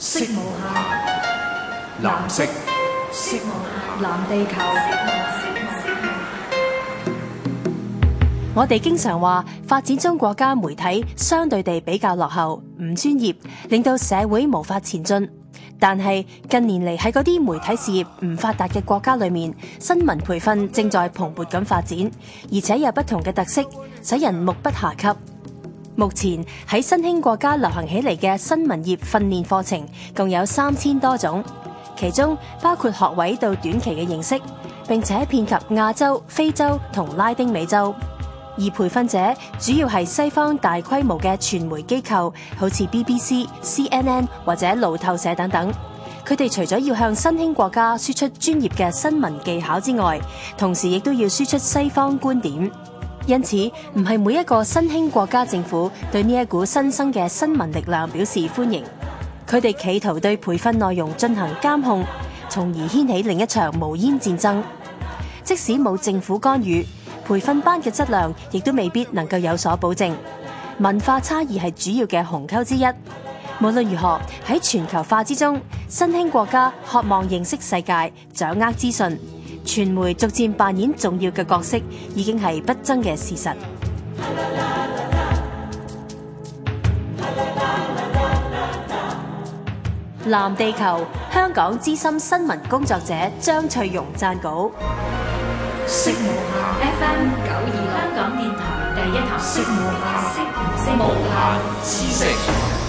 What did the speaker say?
色無下藍色。色無下，藍地球。我哋經常話，發展中國家媒體相對地比較落後，唔專業，令到社會無法前進。但係近年嚟喺嗰啲媒體事業唔發達嘅國家裏面，新聞培訓正在蓬勃咁發展，而且有不同嘅特色，使人目不暇給。目前喺新興國家流行起嚟嘅新聞業訓練課程共有三千多種，其中包括學位到短期嘅認識，並且遍及亞洲、非洲同拉丁美洲。而培訓者主要係西方大規模嘅傳媒機構，好似 BBC、CNN 或者路透社等等。佢哋除咗要向新興國家輸出專業嘅新聞技巧之外，同時亦都要輸出西方觀點。因此，唔係每一個新興國家政府對呢一股新生嘅新聞力量表示歡迎，佢哋企圖對培訓內容進行監控，從而掀起另一場無煙戰爭。即使冇政府干預，培訓班嘅質量亦都未必能夠有所保證。文化差異係主要嘅鴻溝之一。無論如何，喺全球化之中，新興國家渴望認識世界，掌握資訊。傳媒逐漸扮演重要嘅角色，已經係不爭嘅事實。藍地球，香港資深新聞工作者張翠容撰稿。F M 九二香港電台第一台。